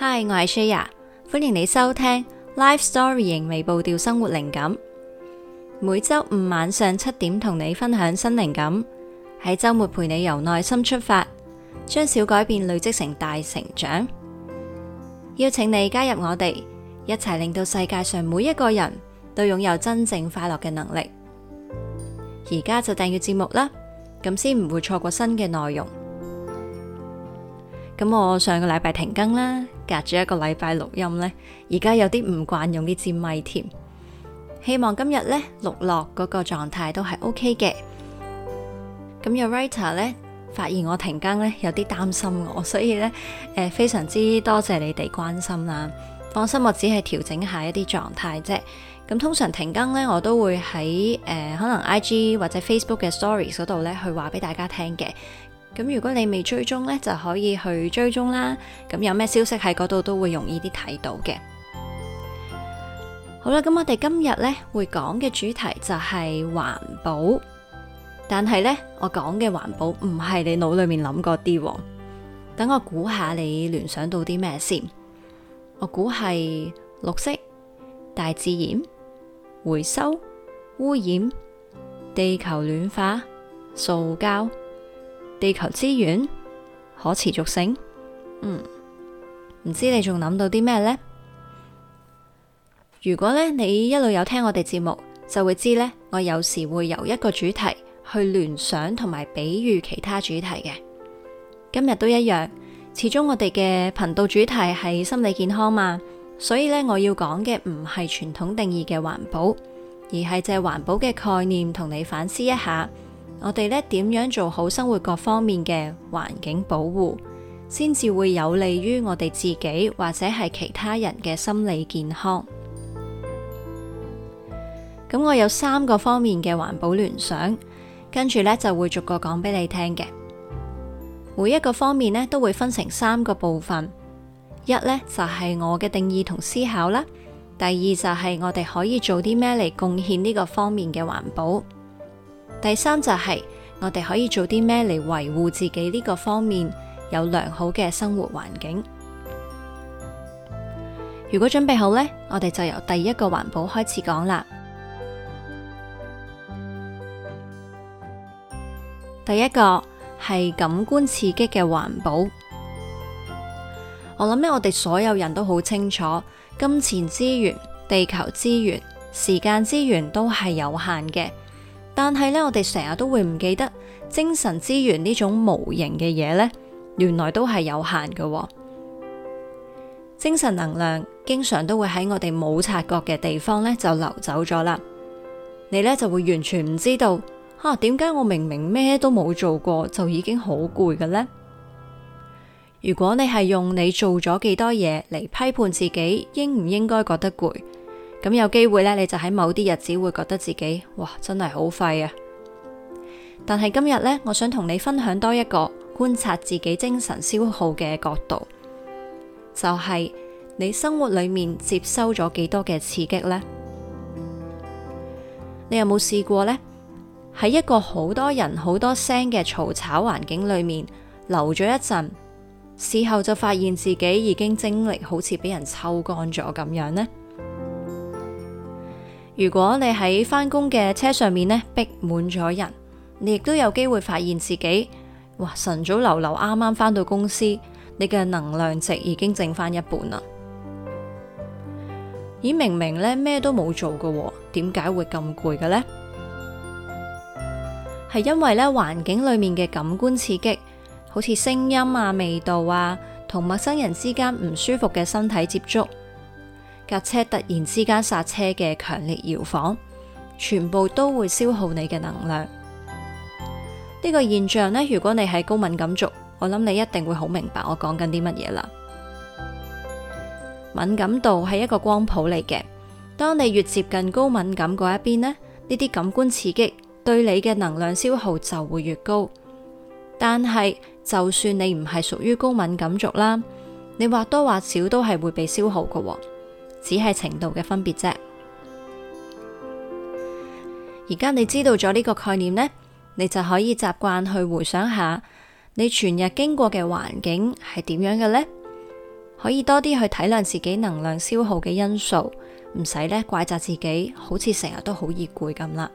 Hi，我係 Shaya，歡迎你收聽 Life Storying，仍未步調生活靈感，每周五晚上七點同你分享新靈感，喺周末陪你由內心出發，將小改變累積成大成長，邀請你加入我哋，一齊令到世界上每一個人都擁有真正快樂嘅能力。而家就訂閱節目啦，咁先唔會錯過新嘅內容。咁我上個禮拜停更啦。隔住一個禮拜錄音呢，而家有啲唔慣用啲字咪添。希望今日呢、OK，錄落嗰個狀態都係 OK 嘅。咁有 writer 呢，發現我停更呢，有啲擔心我，所以呢，誒非常之多謝你哋關心啦。放心，我只係調整一下一啲狀態啫。咁通常停更呢，我都會喺誒、呃、可能 IG 或者 Facebook 嘅 Story 嗰度呢，去話俾大家聽嘅。咁如果你未追蹤咧，就可以去追蹤啦。咁有咩消息喺嗰度都會容易啲睇到嘅。好啦，咁我哋今日咧會講嘅主題就係環保，但係咧，我講嘅環保唔係你腦裏面諗嗰啲。等我估下你聯想到啲咩先。我估係綠色、大自然、回收、污染、地球暖化、塑膠。地球資源可持續性，嗯，唔知你仲諗到啲咩呢？如果呢你一路有聽我哋節目，就會知呢。我有時會由一個主題去聯想同埋比喻其他主題嘅。今日都一樣，始終我哋嘅頻道主題係心理健康嘛，所以呢，我要講嘅唔係傳統定義嘅環保，而係借環保嘅概念同你反思一下。我哋呢點樣做好生活各方面嘅環境保護，先至會有利於我哋自己或者係其他人嘅心理健康。咁我有三個方面嘅環保聯想，跟住呢就會逐個講俾你聽嘅。每一個方面呢都會分成三個部分，一呢就係我嘅定義同思考啦，第二就係我哋可以做啲咩嚟貢獻呢個方面嘅環保。第三就係、是、我哋可以做啲咩嚟維護自己呢個方面有良好嘅生活環境。如果準備好呢，我哋就由第一個環保開始講啦。第一個係感官刺激嘅環保。我諗呢，我哋所有人都好清楚，金錢資源、地球資源、時間資源都係有限嘅。但係咧，我哋成日都會唔記得精神資源呢種無形嘅嘢呢，原來都係有限嘅哦。精神能量經常都會喺我哋冇察覺嘅地方呢就流走咗啦。你呢就會完全唔知道，啊點解我明明咩都冇做過就已經好攰嘅呢？如果你係用你做咗幾多嘢嚟批判自己，應唔應該覺得攰？咁有機會呢，你就喺某啲日子會覺得自己哇，真係好廢啊！但係今日呢，我想同你分享多一個觀察自己精神消耗嘅角度，就係你生活裏面接收咗幾多嘅刺激呢？你有冇試過呢？喺一個好多人好多聲嘅嘈吵環境裏面留咗一陣，事後就發現自己已經精力好似俾人抽乾咗咁樣呢？如果你喺返工嘅車上面咧，逼滿咗人，你亦都有機會發現自己，哇！晨早流流啱啱返到公司，你嘅能量值已經剩翻一半啦。咦，明明咧咩都冇做嘅，點解會咁攰嘅呢？係因為咧環境裏面嘅感官刺激，好似聲音啊、味道啊，同陌生人之間唔舒服嘅身體接觸，架車突然之間剎車嘅強烈搖晃，全部都會消耗你嘅能量。呢個現象咧，如果你係高敏感族，我諗你一定會好明白我講緊啲乜嘢啦。敏感度係一個光譜嚟嘅，當你越接近高敏感嗰一邊咧，呢啲感官刺激對你嘅能量消耗就會越高。但係就算你唔係屬於高敏感族啦，你或多或少都係會被消耗噶。只係程度嘅分別啫。而家你知道咗呢個概念，呢，你就可以習慣去回想下你全日經過嘅環境係點樣嘅呢？可以多啲去體諒自己能量消耗嘅因素，唔使咧怪責自己，好似成日都好易攰咁啦。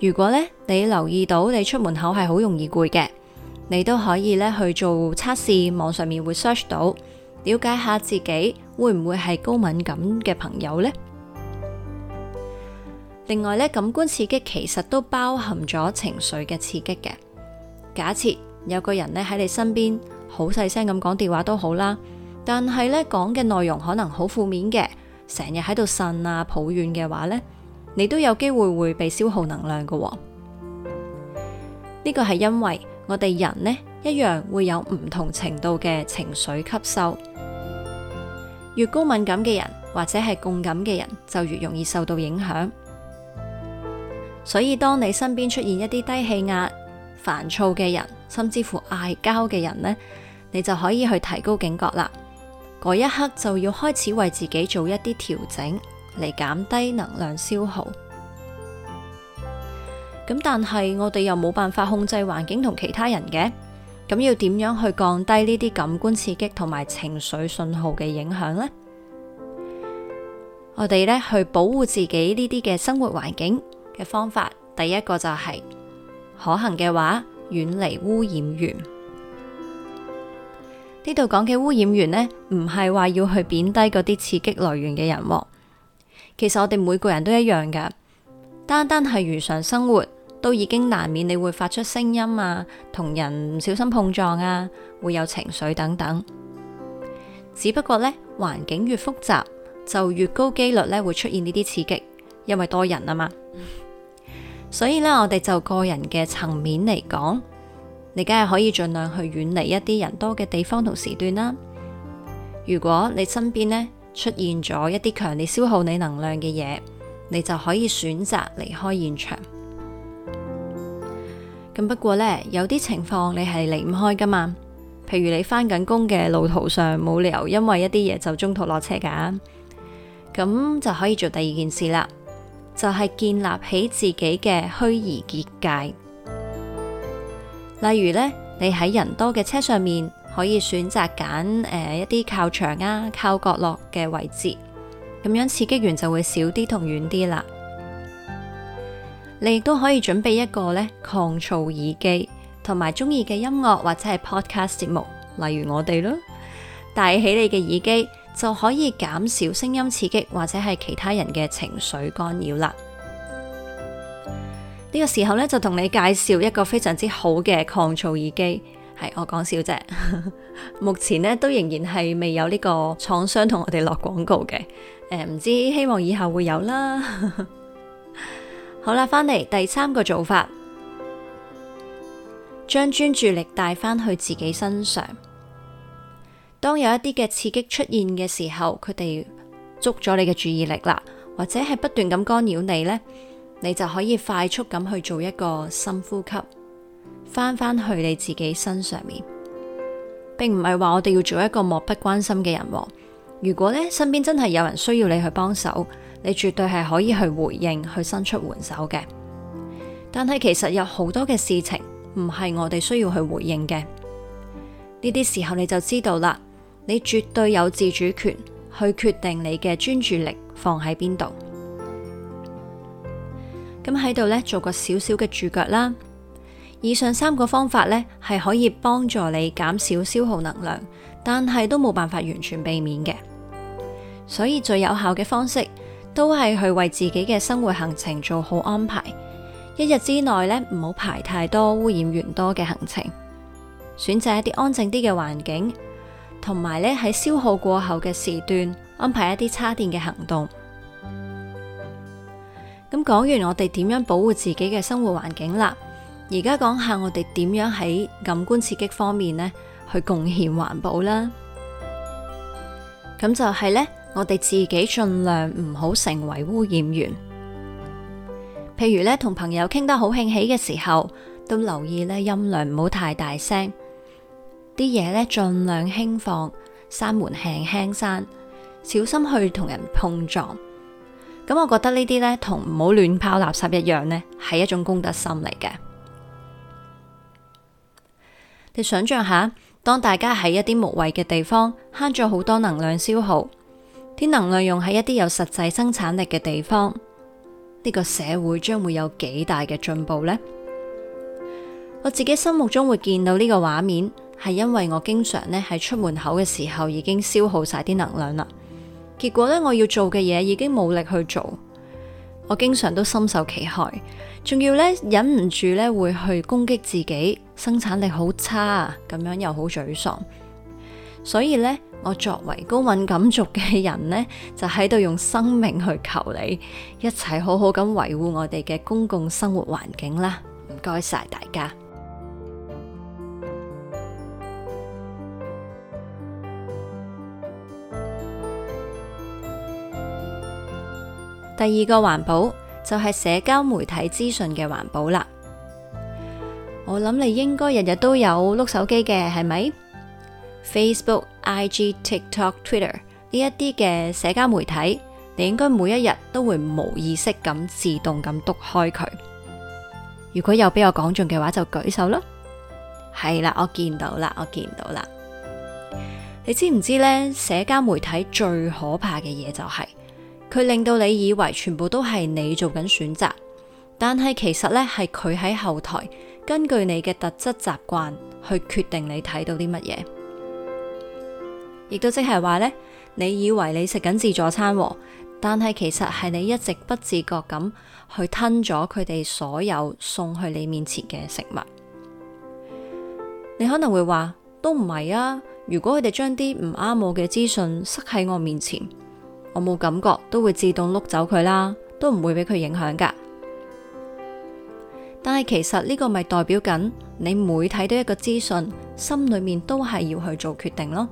如果呢，你留意到你出門口係好容易攰嘅，你都可以呢去做測試，網上面會 search 到。了解下自己會唔會係高敏感嘅朋友呢？另外咧，感官刺激其實都包含咗情緒嘅刺激嘅。假設有個人咧喺你身邊，好細聲咁講電話都好啦，但係咧講嘅內容可能好負面嘅，成日喺度呻啊抱怨嘅話呢，你都有機會會被消耗能量㗎喎。呢個係因為我哋人咧一樣會有唔同程度嘅情緒吸收。越高敏感嘅人或者係共感嘅人就越容易受到影響，所以當你身邊出現一啲低氣壓、煩躁嘅人，甚至乎嗌交嘅人呢，你就可以去提高警覺啦。嗰一刻就要開始為自己做一啲調整，嚟減低能量消耗。咁但係我哋又冇辦法控制環境同其他人嘅。咁要點樣去降低呢啲感官刺激同埋情緒信號嘅影響呢？我哋呢去保護自己呢啲嘅生活環境嘅方法，第一個就係可行嘅話，遠離污染源。呢度講嘅污染源呢，唔係話要去貶低嗰啲刺激來源嘅人。其實我哋每個人都一樣噶，單單係如常生活，都已經難免你會發出聲音啊，同人唔小心碰撞啊，會有情緒等等。只不過呢，環境越複雜，就越高機率呢會出現呢啲刺激，因為多人啊嘛。所以呢，我哋就個人嘅層面嚟講，你梗係可以盡量去遠離一啲人多嘅地方同時段啦。如果你身邊呢出現咗一啲強烈消耗你能量嘅嘢，你就可以選擇離開現場。咁不過呢，有啲情況你係離唔開噶嘛？譬如你返緊工嘅路途上，冇理由因為一啲嘢就中途落車噶。咁就可以做第二件事啦，就係、是、建立起自己嘅虛擬結界。例如呢，你喺人多嘅車上面，可以選擇揀誒一啲靠牆啊、靠角落嘅位置，咁樣刺激源就會少啲同遠啲啦。你亦都可以準備一個咧抗噪耳機，同埋中意嘅音樂或者係 Podcast 節目，例如我哋咯，戴起你嘅耳機就可以減少聲音刺激或者係其他人嘅情緒干擾啦。呢、這個時候咧就同你介紹一個非常之好嘅抗噪耳機，係我講笑啫。 目前呢，都仍然係未有呢個廠商同我哋落廣告嘅，誒、呃、唔知希望以後會有啦。 好啦，翻嚟第三個做法，將專注力帶翻去自己身上。當有一啲嘅刺激出現嘅時候，佢哋捉咗你嘅注意力啦，或者係不斷咁干擾你呢，你就可以快速咁去做一個深呼吸，翻翻去你自己身上面，並唔係話我哋要做一個漠不關心嘅人。如果咧，身邊真係有人需要你去幫手，你絕對係可以去回應，去伸出援手嘅。但係其實有好多嘅事情唔係我哋需要去回應嘅。呢啲時候你就知道啦，你絕對有自主權去決定你嘅專注力放喺邊度。咁喺度呢，做個小小嘅註腳啦。以上三個方法呢，係可以幫助你減少消耗能量，但係都冇辦法完全避免嘅。所以最有效嘅方式都係去為自己嘅生活行程做好安排，一日之內呢，唔好排太多污染源多嘅行程，選擇一啲安靜啲嘅環境，同埋呢喺消耗過後嘅時段安排一啲叉電嘅行動。咁講完我哋點樣保護自己嘅生活環境啦，而家講下我哋點樣喺感官刺激方面呢去貢獻環保啦。咁就係呢。我哋自己盡量唔好成為污染源，譬如呢，同朋友傾得好興起嘅時候，都留意呢，音量唔好太大聲，啲嘢，呢盡量輕放，閂門輕輕閂，小心去同人碰撞。咁、嗯，我覺得呢啲呢，同唔好亂拋垃圾一樣呢，係一種公德心嚟嘅。你想象下，當大家喺一啲無謂嘅地方慳咗好多能量消耗。啲能量用喺一啲有實際生產力嘅地方，呢個社會將會有幾大嘅進步呢？我自己心目中會見到呢個畫面，係因為我經常咧喺出門口嘅時候已經消耗晒啲能量啦，結果呢，我要做嘅嘢已經冇力去做，我經常都深受其害，仲要咧忍唔住咧會去攻擊自己，生產力好差，咁樣又好沮喪，所以呢。我作為高敏感族嘅人呢就喺度用生命去求你，一齊好好咁維護我哋嘅公共生活環境啦。唔該晒大家。第二個環保就係社交媒體資訊嘅環保啦。我諗你應該日日都有碌手機嘅，係咪？Facebook。IG、TikTok、Twitter 呢一啲嘅社交媒體，你應該每一日都會無意識咁自動咁督開佢。如果有畀我講中嘅話，就舉手啦。係啦，我見到啦，我見到啦。你知唔知呢？社交媒體最可怕嘅嘢就係佢令到你以為全部都係你做緊選擇，但係其實呢，係佢喺後台根據你嘅特質、習慣去決定你睇到啲乜嘢。亦都即係話呢，你以為你食緊自助餐，但係其實係你一直不自覺咁去吞咗佢哋所有送去你面前嘅食物。你可能會話都唔係啊，如果佢哋將啲唔啱我嘅資訊塞喺我面前，我冇感覺都會自動碌走佢啦，都唔會俾佢影響噶。但係其實呢個咪代表緊你每睇到一個資訊，心裏面都係要去做決定咯。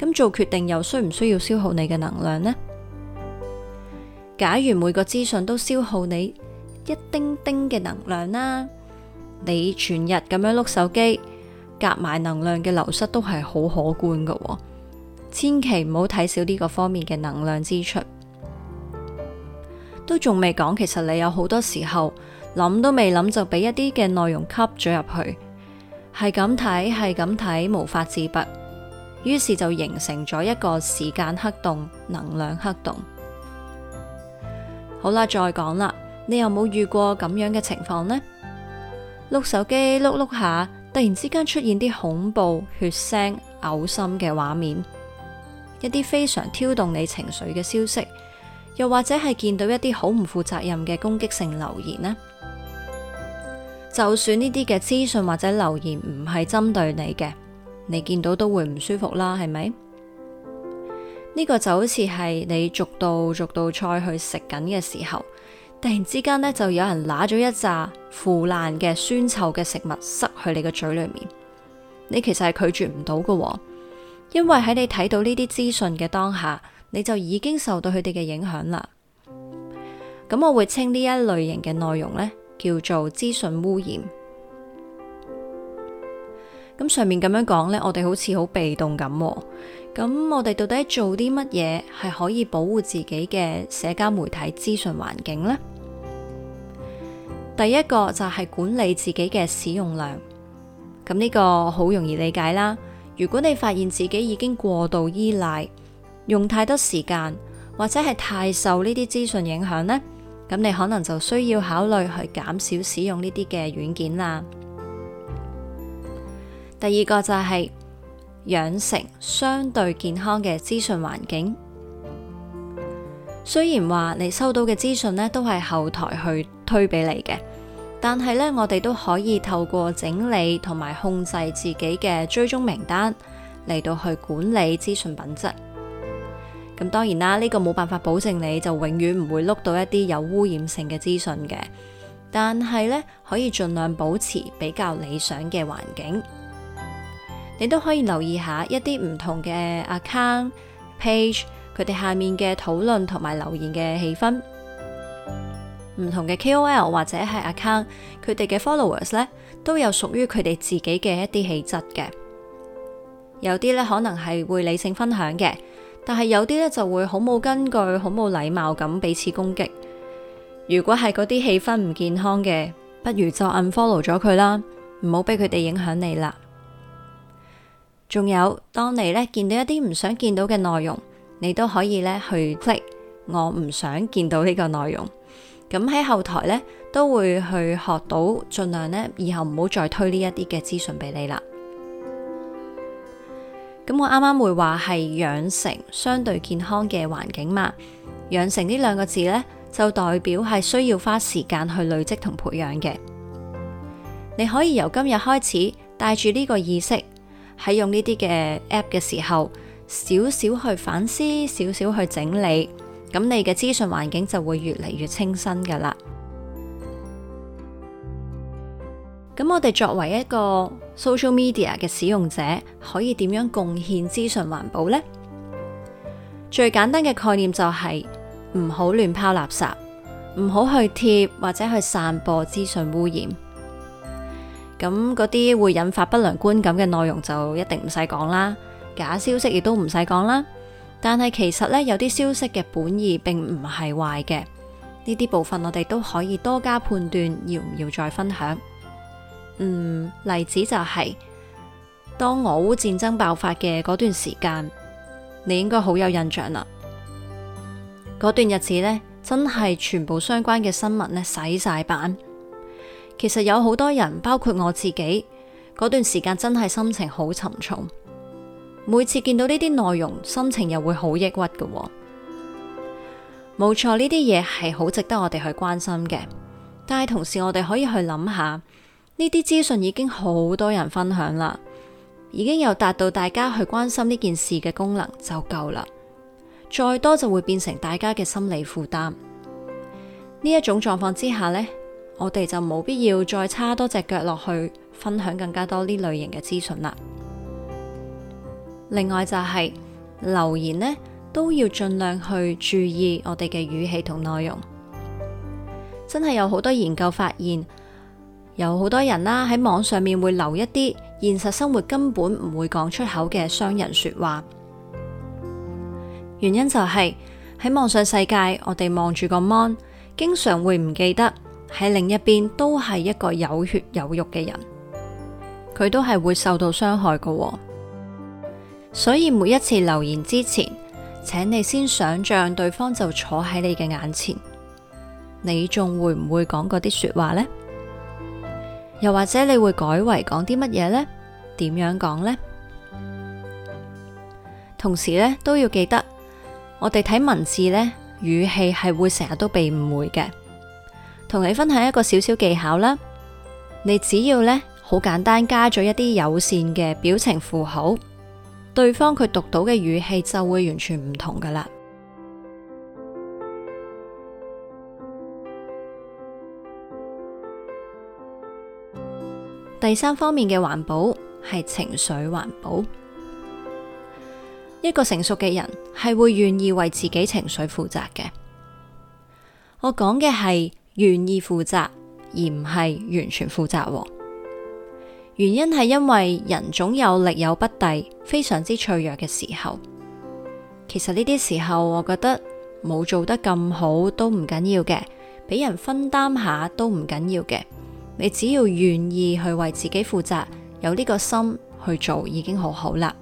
咁做決定又需唔需要消耗你嘅能量呢？假如每個資訊都消耗你一丁丁嘅能量啦，你全日咁樣碌手機，夾埋能量嘅流失都係好可觀噶喎，千祈唔好睇少呢個方面嘅能量支出。都仲未講，其實你有好多時候諗都未諗，就俾一啲嘅內容吸咗入去，係咁睇，係咁睇，無法自拔。於是就形成咗一個時間黑洞、能量黑洞。好啦，再講啦，你有冇遇過咁樣嘅情況呢？碌手機碌碌下，突然之間出現啲恐怖、血腥、嘔心嘅畫面，一啲非常挑動你情緒嘅消息，又或者係見到一啲好唔負責任嘅攻擊性留言呢？就算呢啲嘅資訊或者留言唔係針對你嘅。你見到都會唔舒服啦，係咪？呢個就好似係你逐道逐道菜去食緊嘅時候，突然之間呢，就有人拿咗一紮腐爛嘅酸臭嘅食物塞去你嘅嘴裏面，你其實係拒絕唔到嘅，因為喺你睇到呢啲資訊嘅當下，你就已經受到佢哋嘅影響啦。咁我會稱呢一類型嘅內容呢，叫做資訊污染。咁上面咁樣講呢，我哋好似好被動咁。咁我哋到底做啲乜嘢係可以保護自己嘅社交媒體資訊環境呢？第一個就係管理自己嘅使用量。咁呢個好容易理解啦。如果你發現自己已經過度依賴，用太多時間，或者係太受呢啲資訊影響呢，咁你可能就需要考慮去減少使用呢啲嘅軟件啦。第二個就係、是，養成相對健康嘅資訊環境。雖然話你收到嘅資訊呢都係後台去推俾你嘅，但係呢，我哋都可以透過整理同埋控制自己嘅追蹤名單嚟到去管理資訊品質。咁當然啦，呢，這個冇辦法保證你就永遠唔會碌到一啲有污染性嘅資訊嘅，但係呢，可以盡量保持比較理想嘅環境。你都可以留意一下一啲唔同嘅 account page，佢哋下面嘅討論同埋留言嘅氣氛，唔同嘅 KOL 或者係 account，佢哋嘅 followers 呢，都有屬於佢哋自己嘅一啲氣質嘅。有啲呢可能係會理性分享嘅，但係有啲呢就會好冇根據、好冇禮貌咁彼此攻擊。如果係嗰啲氣氛唔健康嘅，不如就 unfollow 咗佢啦，唔好俾佢哋影響你啦。仲有，當你咧見到一啲唔想見到嘅內容，你都可以咧去 click，我唔想見到呢個內容。咁喺後台咧都會去學到盡呢，盡量咧以後唔好再推呢一啲嘅資訊俾你啦。咁我啱啱會話係養成相對健康嘅環境嘛，養成呢兩個字咧就代表係需要花時間去累積同培養嘅。你可以由今日開始帶住呢個意識。喺用呢啲嘅 App 嘅時候，少少去反思，少少去整理，咁你嘅資訊環境就會越嚟越清新㗎喇。咁我哋作為一個 Social Media 嘅使用者，可以點樣貢獻資訊環保咧？最簡單嘅概念就係唔好亂拋垃圾，唔好去貼或者去散播資訊污染。咁嗰啲會引發不良觀感嘅內容就一定唔使講啦，假消息亦都唔使講啦。但係其實呢，有啲消息嘅本意並唔係壞嘅，呢啲部分我哋都可以多加判斷，要唔要再分享？嗯，例子就係當俄烏戰爭爆發嘅嗰段時間，你應該好有印象啦。嗰段日子呢，真係全部相關嘅新聞呢洗晒版。其實有好多人，包括我自己，嗰段時間真係心情好沉重。每次見到呢啲內容，心情又會好抑鬱㗎喎。冇錯，呢啲嘢係好值得我哋去關心嘅。但係同時，我哋可以去諗下，呢啲資訊已經好多人分享啦，已經有達到大家去關心呢件事嘅功能就夠啦。再多就會變成大家嘅心理負擔。呢一種狀況之下呢。我哋就冇必要再叉多隻腳落去分享更加多呢類型嘅資訊啦。另外就係、是、留言呢都要盡量去注意我哋嘅語氣同內容。真係有好多研究發現，有好多人啦、啊、喺網上面會留一啲現實生活根本唔會講出口嘅傷人說話。原因就係、是、喺網上世界，我哋望住個 mon 經常會唔記得。喺另一邊都係一個有血有肉嘅人，佢都係會受到傷害㗎喎。所以每一次留言之前，請你先想象對方就坐喺你嘅眼前，你仲會唔會講嗰啲說話呢？又或者你會改為講啲乜嘢呢？點樣講呢？同時呢，都要記得我哋睇文字呢，語氣係會成日都被誤會嘅。同你分享一個少少技巧啦，你只要呢，好簡單加咗一啲友善嘅表情符號，對方佢讀到嘅語氣就會完全唔同㗎喇。第三方面嘅環保係情緒環保，一個成熟嘅人係會願意為自己情緒負責嘅。我講嘅係。願意負責，而唔係完全負責。原因係因為人總有力有不逮、非常之脆弱嘅時候。其實呢啲時候，我覺得冇做得咁好都唔緊要嘅，俾人分擔下都唔緊要嘅。你只要願意去為自己負責，有呢個心去做已經好好啦。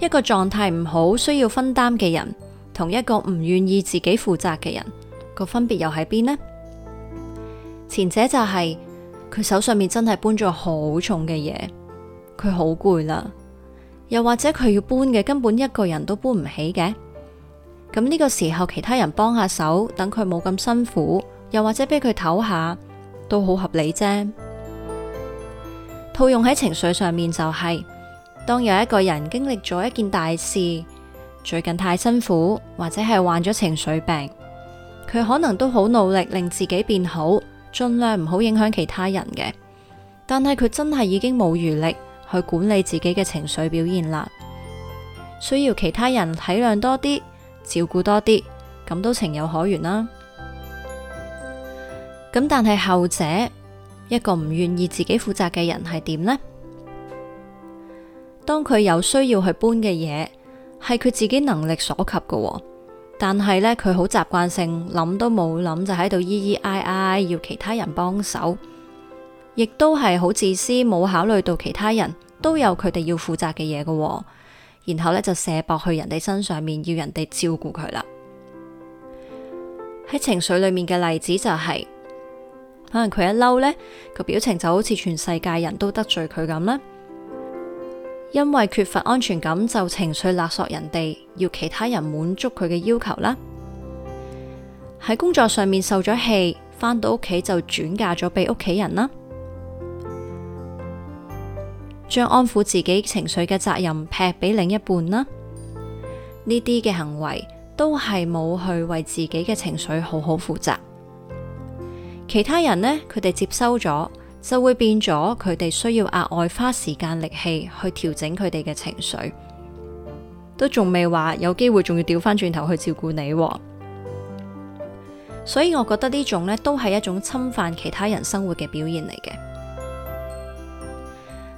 一個狀態唔好，需要分擔嘅人，同一個唔願意自己負責嘅人。個分別又喺邊呢？前者就係，佢手上面真係搬咗好重嘅嘢，佢好攰啦。又或者佢要搬嘅根本一個人都搬唔起嘅，咁呢個時候其他人幫下手，等佢冇咁辛苦，又或者俾佢唞下，都好合理啫。套用喺情緒上面就係，當有一個人經歷咗一件大事，最近太辛苦，或者係患咗情緒病。佢可能都好努力令自己變好，盡量唔好影響其他人嘅。但係佢真係已經冇餘力去管理自己嘅情緒表現啦，需要其他人體諒多啲，照顧多啲，咁都情有可原啦。咁但係後者一個唔願意自己負責嘅人係點呢？當佢有需要去搬嘅嘢，係佢自己能力所及㗎喎。但係呢，佢好習慣性諗都冇諗，就喺度咿咿唉唉，要其他人幫手，亦都係好自私，冇考慮到其他人都有佢哋要負責嘅嘢噶。然後呢，就卸膊去人哋身上面，要人哋照顧佢啦。喺情緒裏面嘅例子就係，可能佢一嬲呢，個表情就好似全世界人都得罪佢咁啦。因為缺乏安全感，就情緒勒索人哋，要其他人滿足佢嘅要求啦。喺工作上面受咗氣，返到屋企就轉嫁咗俾屋企人啦，將安撫自己情緒嘅責任劈俾另一半啦。呢啲嘅行為都係冇去為自己嘅情緒好好負責，其他人呢，佢哋接收咗，就會變咗，佢哋需要額外花時間力氣去調整佢哋嘅情緒，都仲未話有機會，仲要調翻轉頭去照顧你喎。所以我覺得呢種呢，都係一種侵犯其他人生活嘅表現嚟嘅。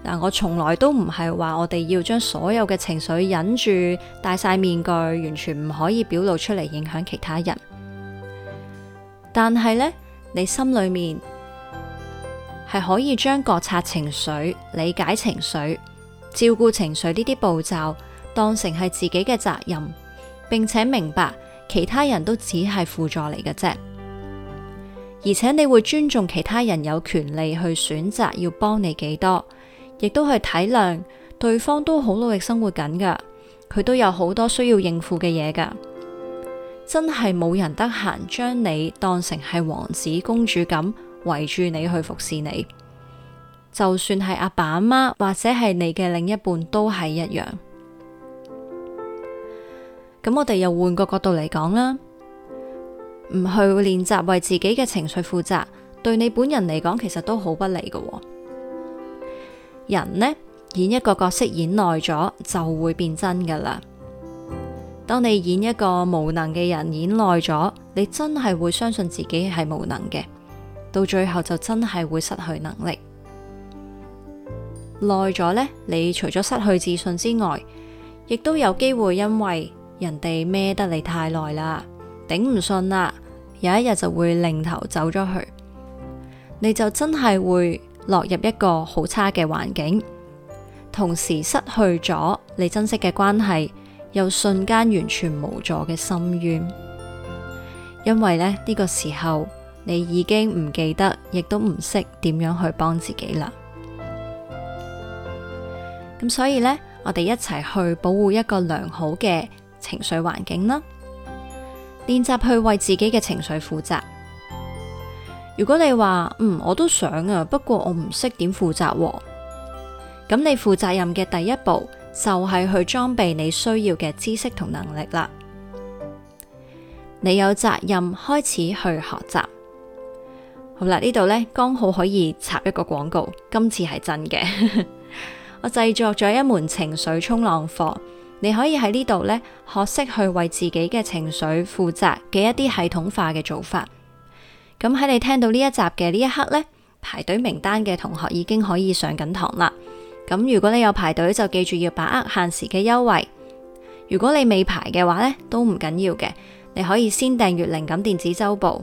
嗱，我從來都唔係話我哋要將所有嘅情緒忍住，戴晒面具，完全唔可以表露出嚟影響其他人。但係呢，你心裏面，係可以將覺察情緒、理解情緒、照顧情緒呢啲步驟當成係自己嘅責任，並且明白其他人都只係輔助嚟嘅啫。而且你會尊重其他人有權利去選擇要幫你幾多，亦都係體諒對方都好努力生活緊㗎，佢都有好多需要應付嘅嘢㗎。真係冇人得閒將你當成係王子公主咁。圍住你去服侍你，就算係阿爸阿媽或者係你嘅另一半都係一樣。咁我哋又換個角度嚟講啦，唔去練習為自己嘅情緒負責，對你本人嚟講其實都好不利㗎喎。人呢，演一個角色演耐咗就會變真噶啦。當你演一個無能嘅人演耐咗，你真係會相信自己係無能嘅。到最後就真係會失去能力，耐咗呢，你除咗失去自信之外，亦都有機會因為人哋孭得你太耐啦，頂唔順啦，有一日就會另頭走咗去，你就真係會落入一個好差嘅環境，同時失去咗你珍惜嘅關係，又瞬間完全無助嘅深淵，因為呢，呢個時候。你已經唔記得，亦都唔識點樣去幫自己啦。咁所以呢，我哋一齊去保護一個良好嘅情緒環境啦。練習去為自己嘅情緒負責。如果你話嗯，我都想啊，不過我唔識點負責啊。咁你負責任嘅第一步就係去裝備你需要嘅知識同能力啦。你有責任開始去學習。好啦，呢度呢，剛好可以插一個廣告，今次係真嘅， 我製作咗一門情緒衝浪課，你可以喺呢度呢，學識去為自己嘅情緒負責嘅一啲系統化嘅做法。咁喺你聽到呢一集嘅呢一刻呢，排隊名單嘅同學已經可以上緊堂啦。咁如果你有排隊就記住要把握限時嘅優惠。如果你未排嘅話呢，都唔緊要嘅，你可以先訂閱靈感電子週報。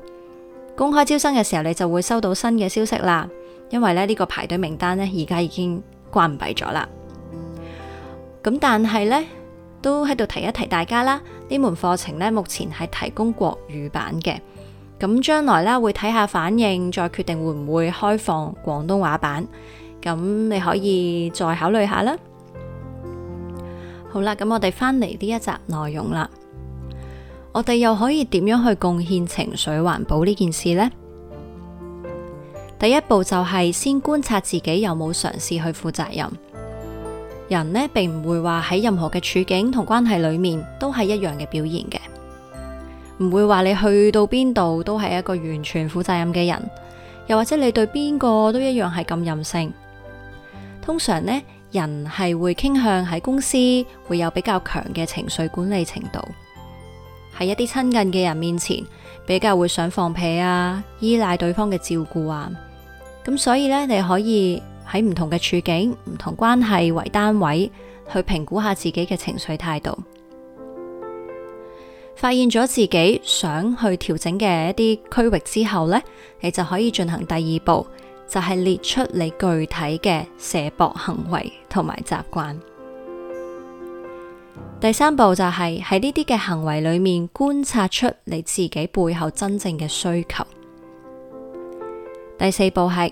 公開招生嘅時候，你就會收到新嘅消息啦。因為咧呢個排隊名單咧而家已經關閉咗啦。咁但係呢，都喺度提一提大家啦，呢門課程咧目前係提供國語版嘅。咁將來啦會睇下反應，再決定會唔會開放廣東話版。咁你可以再考慮下啦。好啦，咁我哋翻嚟呢一集內容啦。我哋又可以點樣去貢獻情緒環保呢件事呢？第一步就係先觀察自己有冇嘗試去負責任。人呢，並唔會話喺任何嘅處境同關係裏面都係一樣嘅表現嘅，唔會話你去到邊度都係一個完全負責任嘅人，又或者你對邊個都一樣係咁任性。通常呢，人係會傾向喺公司會有比較強嘅情緒管理程度。喺一啲親近嘅人面前，比較會想放屁啊，依賴對方嘅照顧啊，咁所以咧，你可以喺唔同嘅處境、唔同關係為單位，去評估下自己嘅情緒態度。發現咗自己想去調整嘅一啲區域之後呢，你就可以進行第二步，就係列出你具體嘅射博行為同埋習慣。第三步就係喺呢啲嘅行為裏面觀察出你自己背後真正嘅需求。第四步係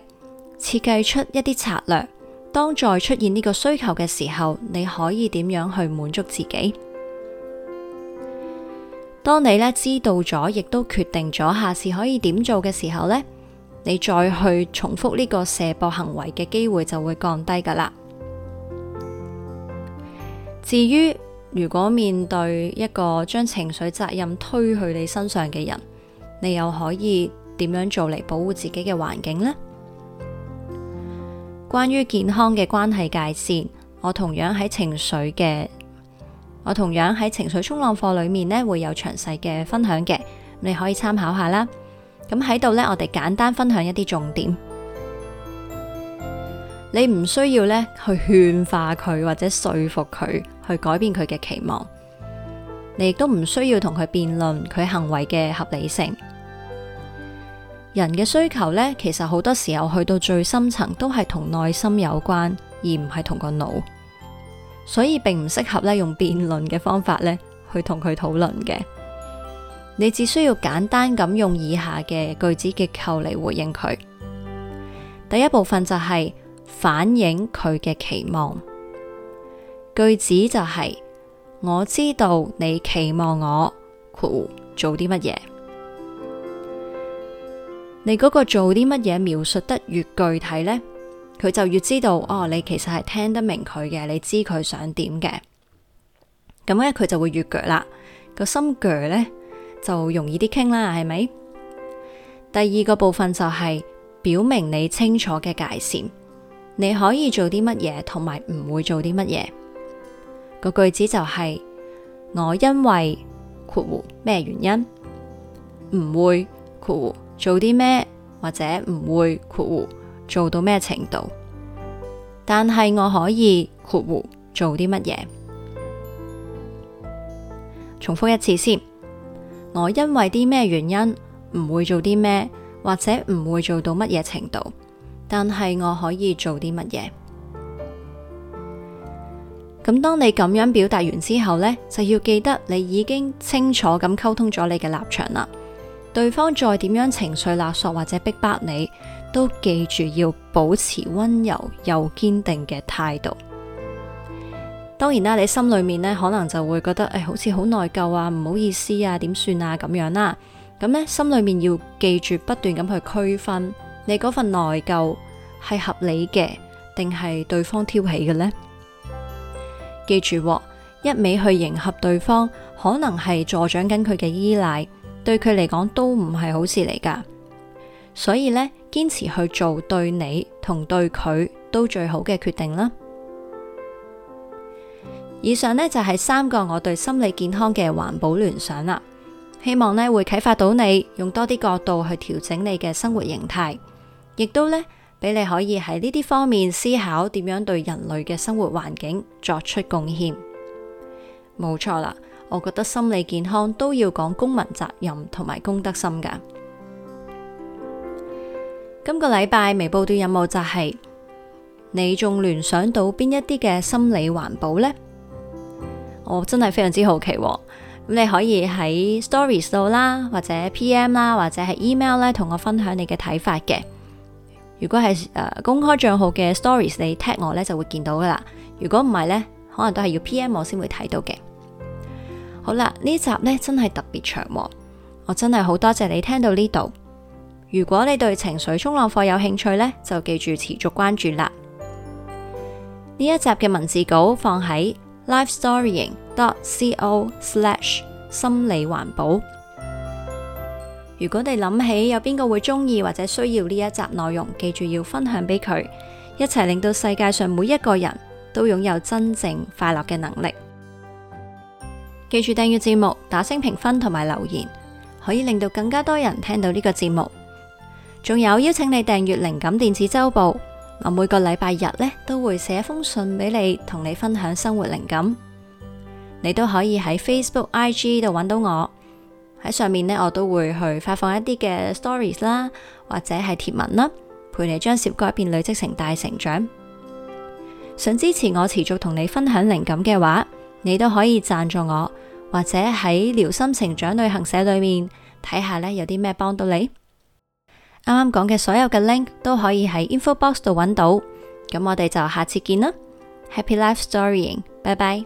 設計出一啲策略，當再出現呢個需求嘅時候，你可以點樣去滿足自己？當你呢知道咗，亦都決定咗下次可以點做嘅時候呢，你再去重複呢個射博行為嘅機會就會降低噶啦。至於，如果面對一個將情緒責任推去你身上嘅人，你又可以點樣做嚟保護自己嘅環境呢？關於健康嘅關係界線，我同樣喺情緒嘅，我同樣喺情緒衝浪課裏面呢，會有詳細嘅分享嘅，你可以參考下啦。咁喺度呢，我哋簡單分享一啲重點。你唔需要呢去勸化佢或者說服佢。去改變佢嘅期望，你亦都唔需要同佢辯論佢行為嘅合理性。人嘅需求呢，其實好多時候去到最深層都係同內心有關，而唔係同個腦，所以並唔適合咧用辯論嘅方法呢去同佢討論嘅。你只需要簡單咁用以下嘅句子結構嚟回應佢。第一部分就係反映佢嘅期望。句子就係、是、我知道你期望我括弧做啲乜嘢。你嗰個做啲乜嘢描述得越具體呢，佢就越知道哦，你其實係聽得明佢嘅，你知佢想點嘅。咁呢，佢就會越腳啦，個心腳呢，就容易啲傾啦，係咪？第二個部分就係表明你清楚嘅界線，你可以做啲乜嘢同埋唔會做啲乜嘢。個句子就係、是、我因為括弧咩原因唔會括弧做啲咩或者唔會括弧做到咩程度，但係我可以括弧做啲乜嘢？重複一次先，我因為啲咩原因唔會做啲咩或者唔會做到乜嘢程度，但係我可以做啲乜嘢？咁當你咁樣表達完之後呢，就要記得你已經清楚咁溝通咗你嘅立場啦。對方再點樣情緒勒索或者逼迫迫你，都記住要保持温柔又堅定嘅態度。當然啦，你心裏面呢，可能就會覺得誒、哎，好似好內疚啊，唔好意思啊，點算啊咁樣啦。咁呢，心裏面要記住不斷咁去區分，你嗰份內疚係合理嘅，定係對方挑起嘅呢？記住，一味去迎合對方，可能係助長緊佢嘅依賴，對佢嚟講都唔係好事嚟噶。所以呢，堅持去做對你同對佢都最好嘅決定啦。以上呢，就係三個我對心理健康嘅環保聯想啦，希望呢會啟發到你，用多啲角度去調整你嘅生活形態，亦都呢。俾你可以喺呢啲方面思考，點樣對人類嘅生活環境作出貢獻？冇錯啦，我覺得心理健康都要講公民責任同埋公德心噶。今個禮拜微報的任務就係、是、你仲聯想到邊一啲嘅心理環保呢？我、哦、真係非常之好奇咁、哦，你可以喺 Stories 度啦，或者 PM 啦，或者係 email 咧，同我分享你嘅睇法嘅。如果係誒、呃、公開帳號嘅 Stories，你 tag 我咧就會見到噶啦。如果唔係咧，可能都係要 PM 我先會睇到嘅。好啦，呢一集呢集咧真係特別長喎、哦，我真係好多謝你聽到呢度。如果你對情緒衝浪課有興趣咧，就記住持續關注啦。呢一集嘅文字稿放喺 LifeStorying.co/ 心理環保。如果你諗起有邊個會中意或者需要呢一集內容，記住要分享俾佢，一齊令到世界上每一個人都擁有真正快樂嘅能力。記住訂閱節目、打星評分同埋留言，可以令到更加多人聽到呢個節目。仲有邀請你訂閱靈感電子週報，我每個禮拜日呢都會寫一封信俾你，同你分享生活靈感。你都可以喺 Facebook、IG 度揾到我。喺上面呢，我都會去發放一啲嘅 stories 啦，或者係貼文啦，陪你將小改變累積成大成長。想支持我持續同你分享靈感嘅話，你都可以贊助我，或者喺療心成長旅行社裏面睇下呢有啲咩幫到你。啱啱講嘅所有嘅 link 都可以喺 info box 度揾到。咁我哋就下次見啦。Happy life storying，拜拜。